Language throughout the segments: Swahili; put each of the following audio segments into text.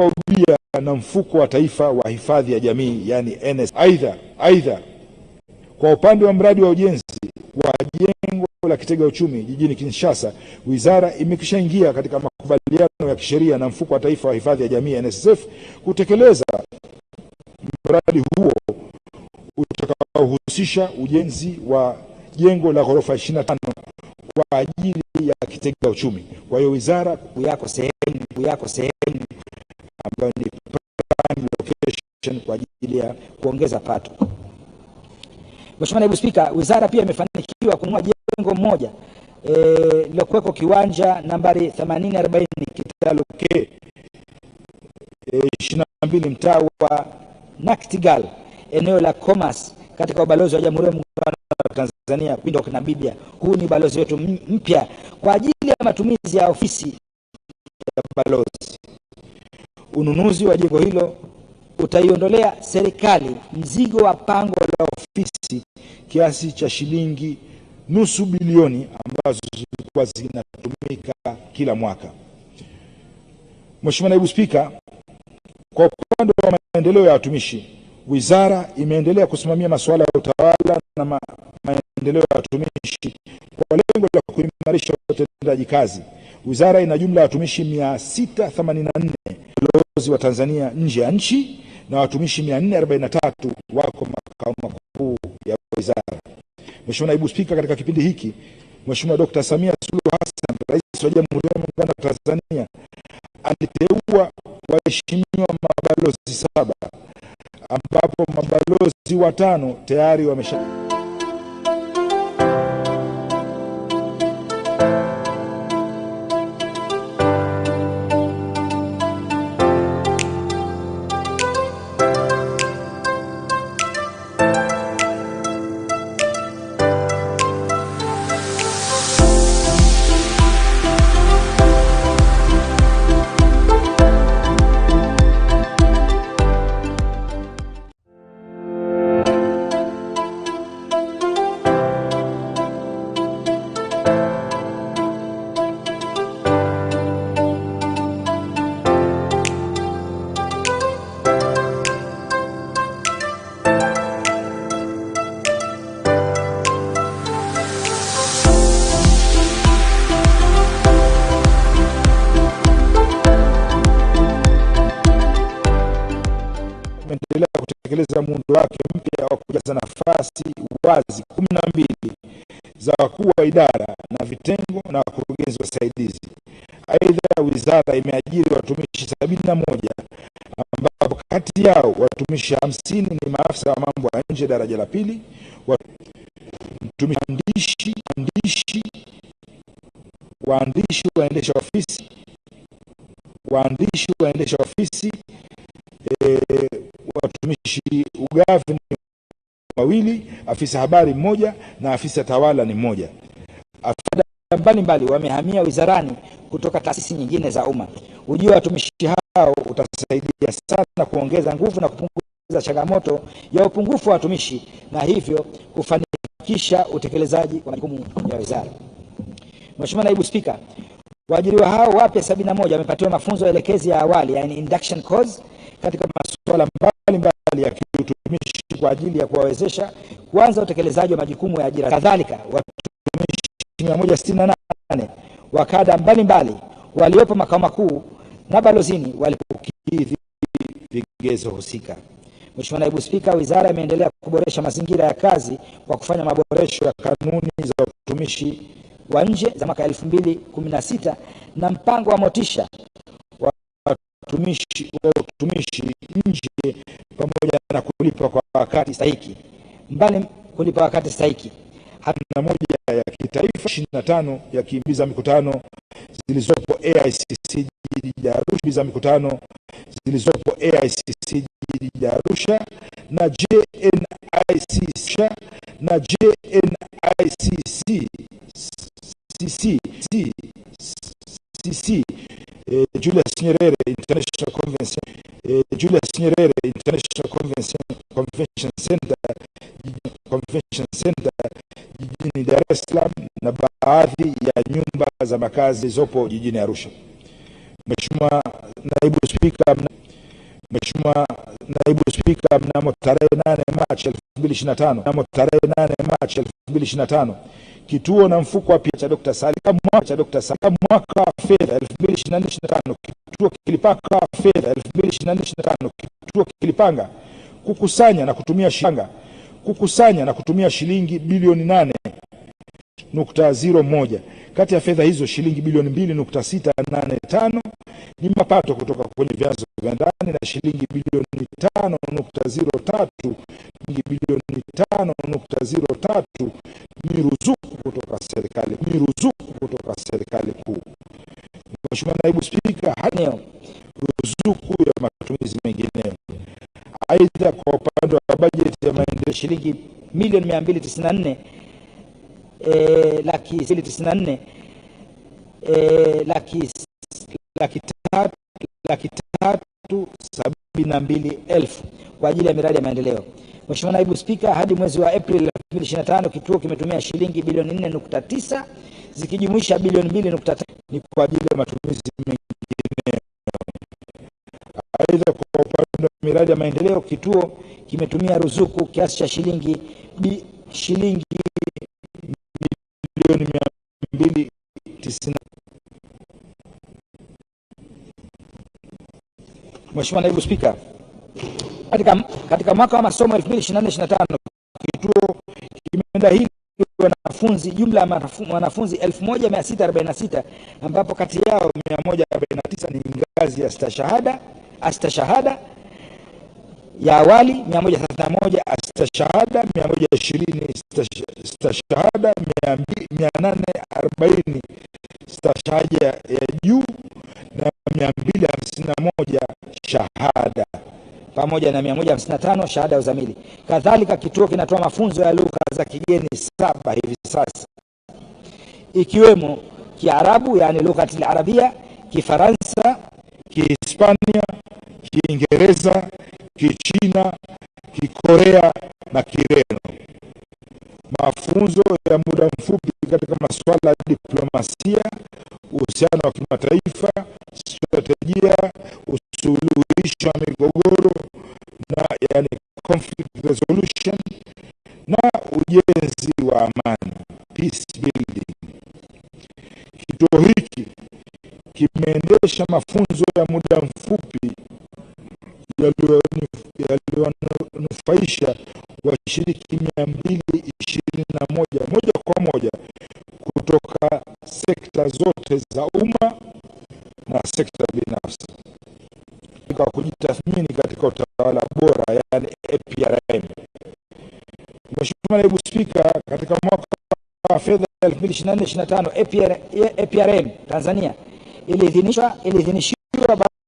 ubia na mfuko wa taifa wa hifadhi ya jamii yani NS. Aidha, aidha kwa upande wa mradi wa ujenzi wa jengo la kitega uchumi jijini Kinshasa, wizara imekishaingia katika makubaliano ya kisheria na mfuko wa taifa wa hifadhi ya jamii NSSF kutekeleza mradi huo utakaohusisha ujenzi wa jengo la ghorofa 25 kwa ajili ya kitega uchumi. Kwa hiyo wizara yako sehemu, yako sehemu ambayo ni prime location kwa ajili ya kuongeza pato. Mheshimiwa Naibu Spika, wizara pia imefanikiwa kununua jengo moja e, lilokuweko kiwanja nambari 8040 Kitalo K e, ishirini na mtaa wa Nactigal eneo la Commerce katika ubalozi wa Jamhuri ya Muungano wa Tanzania Windhoek Namibia. Huu ni balozi wetu mpya kwa ajili ya matumizi ya ofisi ya balozi. Ununuzi wa jengo hilo utaiondolea serikali mzigo wa pango la ofisi kiasi cha shilingi nusu bilioni ambazo zilikuwa zinatumika kila mwaka. Mheshimiwa Naibu Spika, kwa upande wa maendeleo ya watumishi, wizara imeendelea kusimamia masuala ya utawala na ma maendeleo ya watumishi kwa lengo la kuimarisha utendaji kazi. Wizara ina jumla ya watumishi 684 balozi wa Tanzania nje ya nchi na watumishi 443 wako makao makuu ya wizara. Mheshimiwa Naibu Spika, katika kipindi hiki Mheshimiwa Dr. Samia Suluhu Hassan, Rais wa Jamhuri ya Muungano wa Tanzania, aliteua waheshimiwa mabalozi saba ambapo mabalozi watano tayari wamesha kutekeleza muundo wake mpya wa kujaza nafasi wazi kumi na mbili za wakuu wa idara na vitengo na wakurugenzi wasaidizi. Aidha, wizara imeajiri watumishi sabini na moja ambapo kati yao watumishi hamsini ni maafisa wa mambo ya nje daraja la pili, mtumishi waandishi waendesha ofisi waandishi waendesha ofisi e, watumishi ugavi ni wawili, afisa habari mmoja na afisa tawala ni mmoja. Afisa mbalimbali wamehamia wizarani kutoka taasisi nyingine za umma. Ujio wa watumishi hao utasaidia sana kuongeza nguvu na kupunguza changamoto ya upungufu wa watumishi na hivyo kufanikisha utekelezaji wa majukumu ya wizara. Mheshimiwa Naibu Spika, waajiriwa hao wapya 71 wamepatiwa mafunzo elekezi ya awali, yani induction course katika masuala mbalimbali ya kiutumishi kwa ajili ya kuwawezesha kuanza utekelezaji wa majukumu ya ajira. Kadhalika, watumishi 168 wa kada mbalimbali waliopo makao makuu na balozini walipokidhi vigezo husika. Mheshimiwa Naibu Spika, wizara imeendelea kuboresha mazingira ya kazi kwa kufanya maboresho ya kanuni za utumishi wa nje za mwaka 2016 na mpango wa motisha watumishi utumishi nje pamoja na kulipa kwa wakati stahiki. Mbali kulipa wakati stahiki, hamna moja ya kitaifa ishirini na tano ya kiimbiza mikutano zilizopo AICC jijini Arusha za mikutano zilizopo AICC jijini Arusha na JNICC na JNICC Julius Nyerere International Convention, eh, Julius Nyerere International Convention, Convention Center, Convention Center jijini Dar es Salaam na baadhi ya nyumba za makazi zilizopo jijini Arusha. Mheshimiwa Naibu Spika, Mheshimiwa Naibu Spika, mnamo tarehe 8 Machi 2025, mnamo tarehe 8 Machi 2025 Kituo na mfuko wa pia cha Dr. Salika mwaka cha Dr. Salika mwaka wa fedha 2024/2025 kituo kilipaka fedha 2024/2025 kituo kilipanga kukusanya na kutumia shilingi kukusanya na kutumia shilingi bilioni nane moja. Kati ya fedha hizo shilingi bilioni 2.685 ni mapato kutoka kwenye vyanzo vya ndani na shilingi bilioni tatu shilingi bilioni tatu ni ruzuku kutoka serikali ni ruzuku kutoka serikali kuu. Mheshimiwa Naibu Spika, hana ruzuku ya matumizi mengineyo. Aidha, kwa upande wa bajeti ya maendeleo shilingi milioni 294 e, laki sili tisini na nne eh, laki, laki, tatu, laki tatu sabini na mbili elfu kwa ajili ya miradi ya maendeleo. Mheshimiwa Naibu Spika, hadi mwezi wa Aprili 2025 kituo kimetumia shilingi bilioni 4.9 zikijumuisha bilioni 2.3 ni kwa ajili ya matumizi mengine. Aidha, kwa upande wa miradi ya maendeleo kituo kimetumia ruzuku kiasi cha shilingi bi, shilingi milioni mia mbili tisini Mheshimiwa Naibu Spika, katika, katika mwaka wa masomo 2024/25 kituo kimedahili wanafunzi jumla ya wanafunzi 1646 ambapo kati yao 149 ni ngazi ya stashahada astashahada ya awali 131 astashahada 120 stashahada 840 stashahada ya juu na 251 shahada pamoja na 155 shahada ya uzamili. Kadhalika, kituo kinatoa mafunzo ya lugha za kigeni saba hivi sasa ikiwemo Kiarabu, yani lughatil arabia, Kifaransa, Kihispania, Kiingereza, Kichina, Kikorea na Kireno. Mafunzo ya muda mfupi katika masuala ya diplomasia, uhusiano wa kimataifa, stratejia, usuluhishi wa migogoro na yani conflict resolution na ujenzi wa amani, peace building. Kituo hiki kimeendesha mafunzo ya muda mfupi yaliyowanufaisha washiriki mia mbili ishirini na moja moja kwa moja kutoka sekta zote za umma na sekta binafsi kwa kujitathmini katika utawala bora, yani APRM. Mheshimiwa Naibu Spika, katika mwaka wa fedha 2024/2025 APRM Tanzania iliidhinishwa iliidhinishwa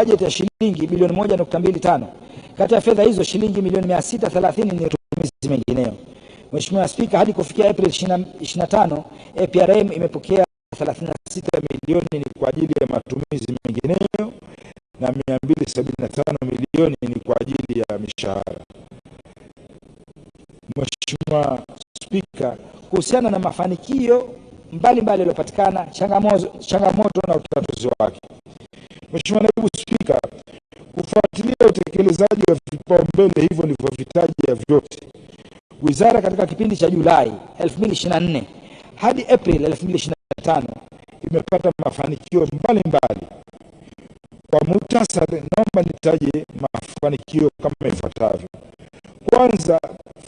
bajeti ya shilingi bilioni 1.25. Kati ya fedha hizo shilingi milioni 630 ni matumizi mengineyo. Mheshimiwa Spika, hadi kufikia april 25 APRM imepokea 36 milioni ni kwa ajili ya matumizi mengineyo na 275 milioni ni kwa ajili ya mishahara. Mheshimiwa Spika, kuhusiana na mafanikio mbalimbali yaliyopatikana, changamoto, changamoto na utatuzi wake Mheshimiwa Naibu Spika, kufuatilia utekelezaji wa vipaumbele hivyo nilivyovitaja vyote, wizara katika kipindi cha Julai 2024 hadi april 2025 imepata mafanikio mbalimbali. Kwa muhtasari, naomba nitaje mafanikio kama ifuatavyo. Kwanza,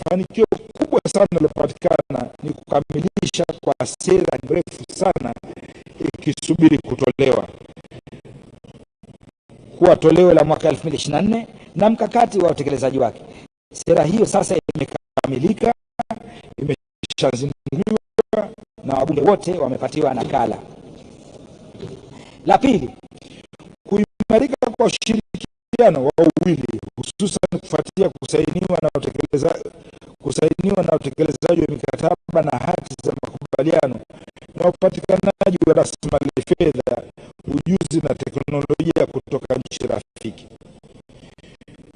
fanikio kubwa sana lilopatikana ni kukamilisha kwa sera ndefu sana ikisubiri kutolewa kuwa toleo la mwaka 2024 na mkakati wa utekelezaji wake. Sera hiyo sasa imekamilika, imeshazinduliwa na wabunge wote wamepatiwa nakala. La pili, kuimarika kwa ushirikiano wa uwili hususan kufuatia kusainiwa na utekelezaji kusainiwa na utekelezaji wa mikataba na hati za makubaliano na upatikanaji wa rasilimali fedha ujuzi na teknolojia kutoka nchi rafiki.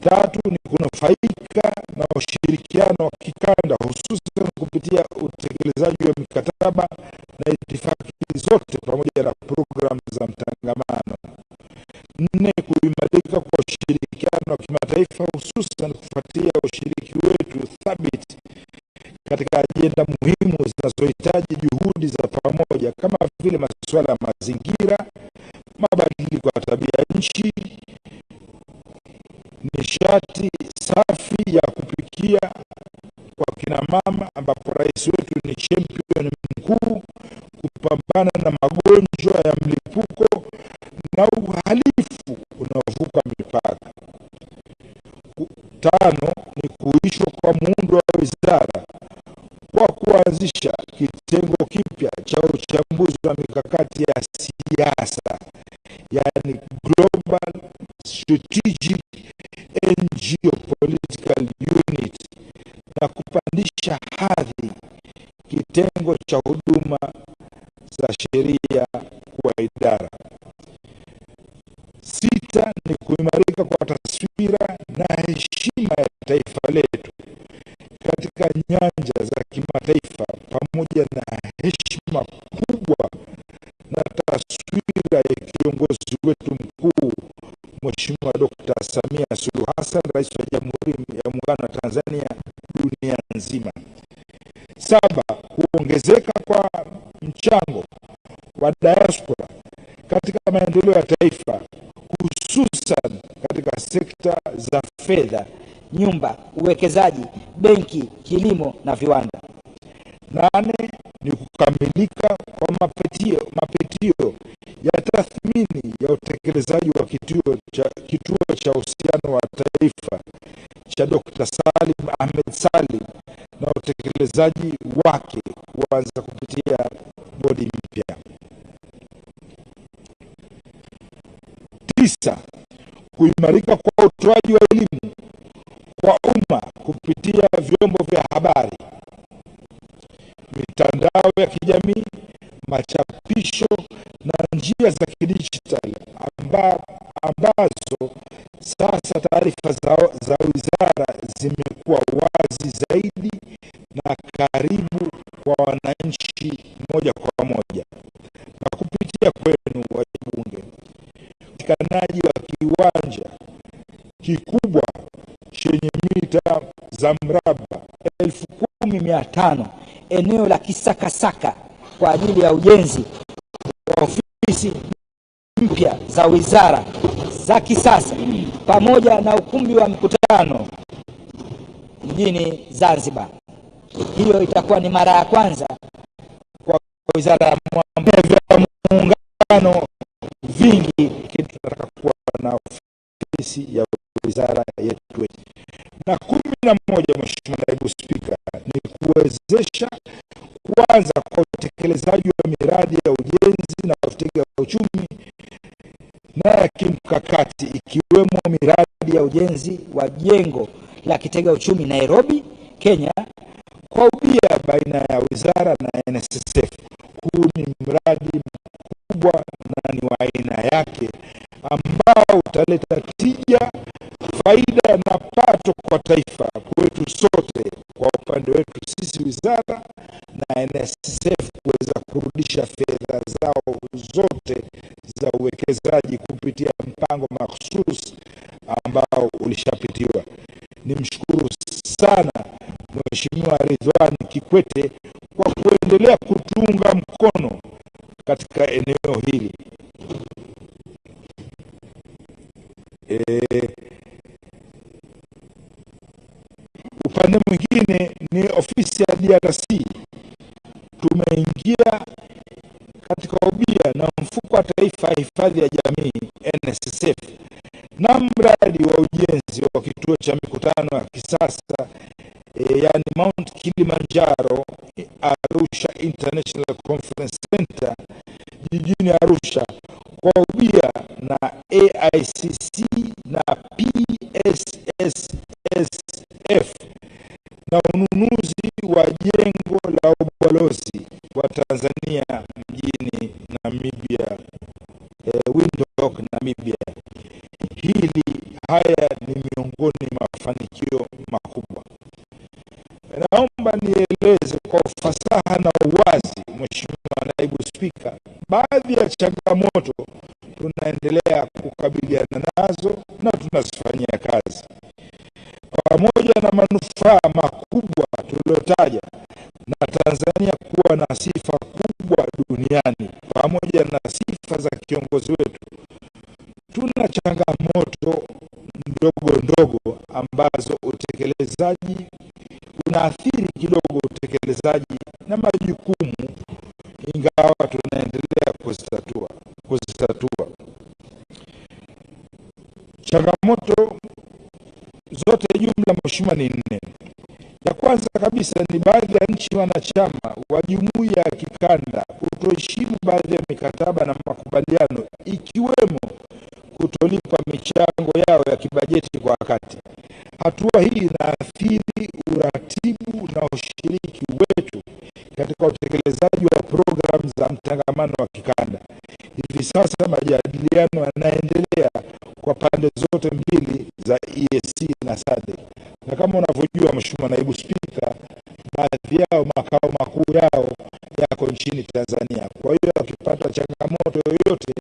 Tatu ni kunufaika na ushirikiano wa kikanda hususan kupitia utekelezaji wa mikataba na itifaki zote pamoja na programu za mtangamano. Nne, kuimarika kwa ushirikiano wa kimataifa hususan kufuatia ushiriki wetu thabiti katika ajenda muhimu zinazohitaji juhudi za pamoja kama vile masuala ya mazingira, mabadiliko ya tabia nchi, nishati safi ya kupikia kwa kina mama, ambapo rais wetu ni champion mkuu kupambana na magonjwa ya mlipuko na uhalifu unaovuka mipaka. Tano ni kuishwa kwa muundo wa wizara kuanzisha kitengo kipya cha uchambuzi wa mikakati ya siasa yani Global Strategic and Geopolitical Unit na kupandisha hadhi kitengo cha huduma za sheria kuwa idara. Sita ni kuimarika kwa taswira na heshima ya taifa letu katika nyanja za kimataifa pamoja na heshima kubwa na taswira ya kiongozi wetu mkuu Mheshimiwa Dkt. Samia Suluhu Hassan, Rais wa Jamhuri ya Muungano wa Tanzania dunia nzima. Saba, kuongezeka kwa mchango wa diaspora katika maendeleo ya taifa hususan katika sekta za fedha nyumba, uwekezaji, benki, kilimo na viwanda. Nane ni kukamilika kwa mapitio mapitio ya tathmini ya utekelezaji wa kituo cha kituo cha uhusiano wa taifa cha Dr. Salim Ahmed Salim na utekelezaji wake kuanza kupitia bodi mpya. Tisa, kuimarika kwa utoaji wa elimu kwa umma kupitia vyombo vya habari, mitandao ya kijamii, machapisho na njia za kidijitali amba, ambazo sasa taarifa za, za wizara zimekuwa wazi zaidi na karibu kwa wananchi moja kwa moja. Na kupitia kwenu wabunge, upatikanaji wa kiwanja kikubwa chenye mita za mraba elfu kumi mia tano eneo la Kisakasaka kwa ajili ya ujenzi wa ofisi mpya za wizara za kisasa pamoja na ukumbi wa mkutano mjini Zanzibar. Hiyo itakuwa ni mara ya kwanza kwa wizara ya vya muungano vingi tunataka kuwa na ofisi ya wizara yetu. Na kumi na moja, Mheshimiwa Naibu Spika, ni kuwezesha kwanza kwa utekelezaji wa miradi ya ujenzi na kutega uchumi na ya kimkakati ikiwemo miradi ya ujenzi wa jengo la kitega uchumi Nairobi, Kenya kwa ubia baina ya wizara na NSSF. Huu ni mradi mkubwa na ni wa aina yake ambao utaleta tija, faida na pato kwa taifa kwetu sote, kwa upande wetu sisi wizara na NSSF kuweza kurudisha fedha zao zote za uwekezaji kupitia mpango mahsusi ambao ulishapitiwa. Nimshukuru sana Mheshimiwa Ridhiwani Kikwete kwa kuendelea kutuunga mkono katika eneo hili. eh, upande mwingine ni ofisi ya DRC tumeingia katika ubia na mfuko wa taifa hifadhi ya jamii NSSF na mradi wa ujenzi wa kituo cha mikutano ya kisasa e, eh, yani Mount Kilimanjaro Arusha International Conference Center jijini Arusha kwa ubia na AICC na PSSSF na ununuzi wa jengo la ubalozi wa Tanzania mjini Namibia, e, Windhoek, Namibia. Hili haya ni miongoni mafanikio makubwa. Naomba nieleze kwa ufasaha na baadhi ya changamoto tunaendelea kukabiliana nazo na tunazifanyia kazi. Pamoja na manufaa makubwa tuliyotaja na Tanzania kuwa na sifa kubwa duniani pamoja na sifa za kiongozi wetu, tuna changamoto ndogo ndogo ambazo utekelezaji unaathiri kidogo utekelezaji na majukumu ingawa tunaendelea kuzitatua. Changamoto zote jumla, Mheshimiwa, ni nne. Ya kwanza kabisa ni baadhi ya nchi wanachama wa jumuiya ya kikanda kutoheshimu baadhi ya mikataba na makubaliano, ikiwemo kutolipa michango yao ya kibajeti kwa wakati. Hatua hii inaathiri uratibu na ushiriki wetu katika utekelezaji wa programu za mtangamano wa kikanda. Hivi sasa majadiliano yanaendelea kwa pande zote mbili za EAC na SADC, e na kama unavyojua Mheshimiwa Naibu Spika, baadhi yao makao makuu yao yako nchini Tanzania. Kwa hiyo wakipata changamoto yoyote